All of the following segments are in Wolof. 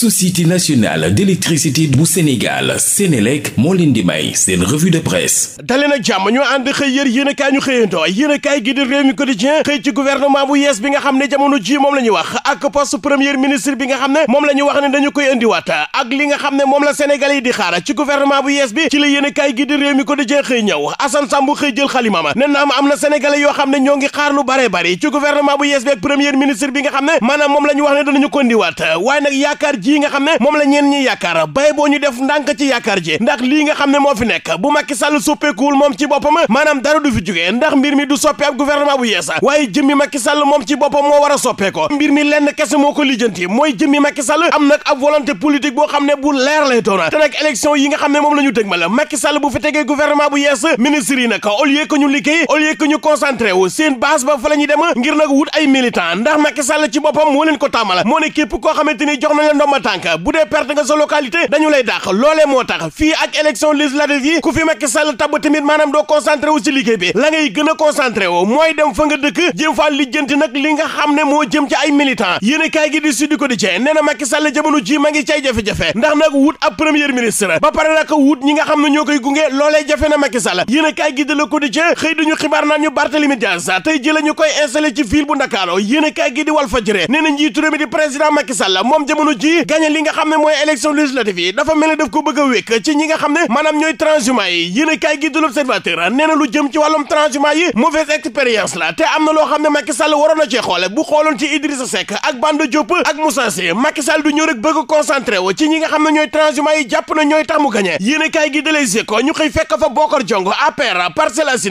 société nationale d'électricité bu Sénégal Sénélec moo leen di may seen revue de presse daleen jàmm ñu ànd xëy yër yéen a kaay ñu xëyandoo yéen kaay gi réew mi quotidien xëy ci gouvernement bu xam ne jamono ji moom la wax ak poste premier ministre bi nga xam wax ne dañu koy indiwaat ak li moom la Sénégal yi di xaar ci gouvernement bu yees bi a xëy jël xalimama ne naam am na Sénégalais yoo xam ne ñoo ngi xaar lu bare bari ci gouvernement bu yees bi ak premier ministre bi nga xam ne maanaam moom la wax ne danañu ko indiwaat waaye nag yaakaar ji jii xam ne moom la ñeen ñi yaakaar bay boo ñu def ndànk ci yaakaar ji ndax lii nga xam ne moo fi nekk bu Macky Sall soppeekuwul moom ci boppam maanaam dara du fi jógee ndax mbir mi du soppe ab gouvernement bu yeesa waaye jëmmi Macky moom ci boppam moo war soppee ko mbir mi lenn kese moo ko lijjanti mooy jëmmi Macky am nag ab volonté politique boo xam ne bu leer lay doon te nag yi nga xam ne moom la ñu dëgmal Macky Sall bu fi tegee gouvernement bu yees ministre yi ko tàmmal moo ne képp koo sa tànk bu dee perte nga sa localité dañu lay dàq loolee moo tax fii ak élection législative yi ku fi Macky Sall tabb tamit maanaam doo concentré wu ci liggéey bi la nga gën a concentré wu mooy dem fa nga dëkk jëm faa lijjanti nag li nga xam ne moo jëm ci ay militant yéen i kaay gi di Sud Quotidien nee na Macky Sall jamono ji ma ngi cay jafe-jafe ndax nag wut ab premier ministre ba pare nag wut ñi nga xam ne ñoo koy gunge loolee jafe na Macky Sall yéen i gi di Le Quotidien xëy duñu xibaar naan ñu Barthélémy Dias tey ji la ñu koy installé ci ville bu Ndakaaru yéen i kaay gi di Walf Fadjri nee na njiitu réew mi di président moom jamono ji gagné li nga xam ne mooy élection législative yi dafa mel ne daf ko a wékk ci ñi nga xam ne maanaam ñooy transhumants yi yéen a kaay gi du l'observateur nee lu jëm ci wàllum transhumants yi mauvaise expérience la te am na loo xam ne Macky Sall waroon na xoole bu xooloon ci Idrissa Seck ak Banda Diop ak Moussa Sy Macky du ñëw rek bëgg a ci ñi nga xam ne ñooy transhumants yi jàpp na ñooy tax mu gagné yéen a kaay gi de ñu xëy fekk fa Bokar Diongo APR Parcelles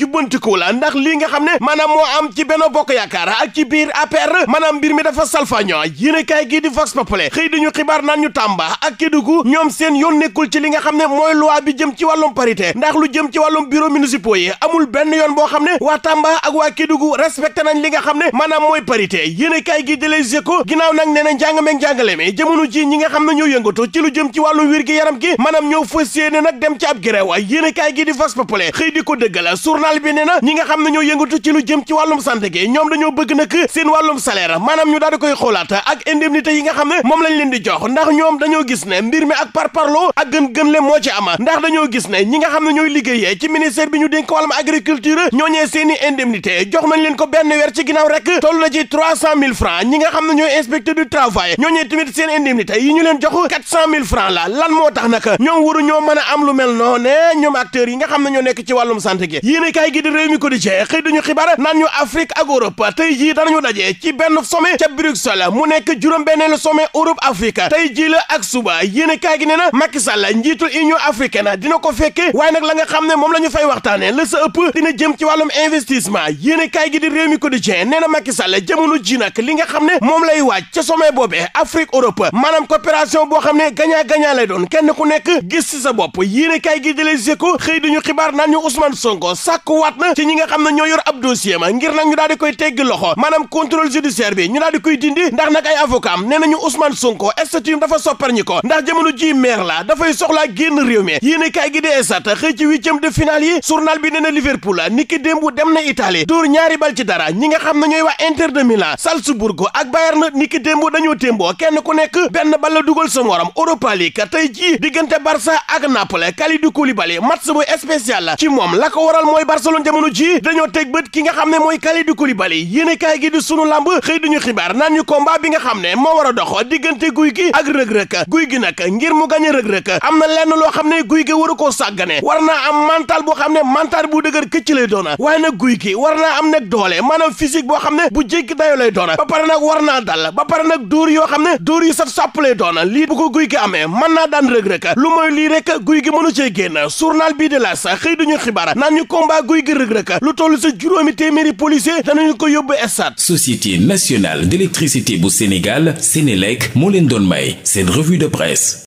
jubbantiku la ndax lii nga xam ne maanaam moo am ci benn bokk yaakaar ak ci biir APR maanaam mbir mi dafa salfaño yéen kaay gii di Vox Populi xëy ñu xibaar naan ñu Tamba ak Kédougou ñoom seen yoon nekkul ci li nga xam ne mooy loi bi jëm ci wàllum parité ndax lu jëm ci wàllum bureau sipo yi amul benn yoon boo xam ne waa Tamba ak waa Kédougou respecté nañ li nga xam ne maanaam mooy parité yéen kaay gii di Les Échos ginnaaw nag nee njàngale mi jamono ji ñi nga xam ne ñoo yëngatu ci jëm ci wàllu wér yaram gi maanaam ñoo fas yéene nag dem ci ab grève yéen kaay gii di Vox Populi xëy di ko dëggal sur journal bi nee na ñi nga xam ne ñoo yëngatu ci lu jëm ci wàllum santé gi ñoom dañoo bëgg nag seen wàllum salaire maanaam ñu daal koy xoolaat ak indemnité yi nga xam ne moom lañ leen di jox ndax ñoom dañoo gis ne mbir mi ak parparloo ak gën gën le moo ci ama ndax dañoo gis ne ñi nga xam ne ñooy liggéeyee ci ministère bi ñu dénk wàllum agriculture ñooñee seeni indemnité jox nañ leen ko benn weer ci ginnaaw rek toll na ci trois cent mille francs ñi nga xam ne ñooy inspecteur du travail ñooñee tamit seen indemnité yi ñu leen jox quatre cent mille francs la lan tax nag ñoom waru ñoo mën a am lu mel noonu ñoom acteurs yi nga xam ne nekk ci wàllum santé gi yéenekaay gi di réew mi ko di cee xëy dañu xibaar naan ñu Afrique ak Europe tey jii danañu daje ci benn sommet ca Bruxelles mu nekk juróom benn sommet Europe Afrique tey jii la ak suba yéenekaay gi nee na Macky Sall njiitul Union africaine dina ko fekke waaye nag la nga xam ne moom la ñu fay waxtaane la sa ëpp dina jëm ci wàllum investissement yéenekaay gi di réew mi ko di cee nee na Macky Sall jamono ji nag li nga xam ne moom lay waa ca sommet boobee Afrique Europe maanaam coopération boo xam ne gagnant-gagnant lay doon kenn ku nekk gis ci sa bopp yéenekaay gi di Les Échos xëy dañu xibaar naan ñu Ousmane Sonko sàkkuwaat na ci ñi nga xam na ñoo yor ab dossier ma ngir na ñu daal di koy tegg loxo maanaam contrôle judiciaire bi ñu koy dindi ndax nag ay avocat am nee nañu Ousmane Sonko statut dafa soppar ñi ko ndax jamono ji maire la dafay soxlaa génn réew mi yéen kaay gi di esat xëy ci huitième de finale yi journal bi nee na Liverpool niki démb dem na Italie dóor ñaari bal ci dara ñi nga xam ne ñooy waa Inter de Milan Salzburgo ak Bayern niki démb dañoo témboo kenn ku nekk benn bal la dugal sa morom Europa League tey jii diggante Barça ak Napoli Kalidou Koulibaly match bu spécial la ci moom la ko waral mooy Barcelone jamono ji dañoo teg bët ki nga xam ne mooy Kalidou Koulibaly yéene kaay gi di sunu lamb xëy duñu xibaar naan ñu combat bi nga xam ne moo war a dox diggante guy gi ak rëg-rëg guy gi nag ngir mu gañ rëg-rëg am na lenn loo xam ne guy gi waru ko sàggane war naa am mantal boo xam ne mental bu dëgër këcc lay doona way na guy gi war na am nag doole maanaam physique boo xam ne bu jéggi dayo lay doona ba pare nag war naa dal ba pare nag dóor yoo xam ne dóor yu sat sàpp lay lii bu ko guy gi amee mën naa daan rëg-rëg lii rek guy gi mënu cee génn journal bii de la sa xëy duñu xibaar naan ñu combat guy gi rëg lu toll sa juróomi téeméeri policier danañu ko yóbbu stade société nationale d'électricité bu Sénégal Sénélec moo leen doon may seen revue de presse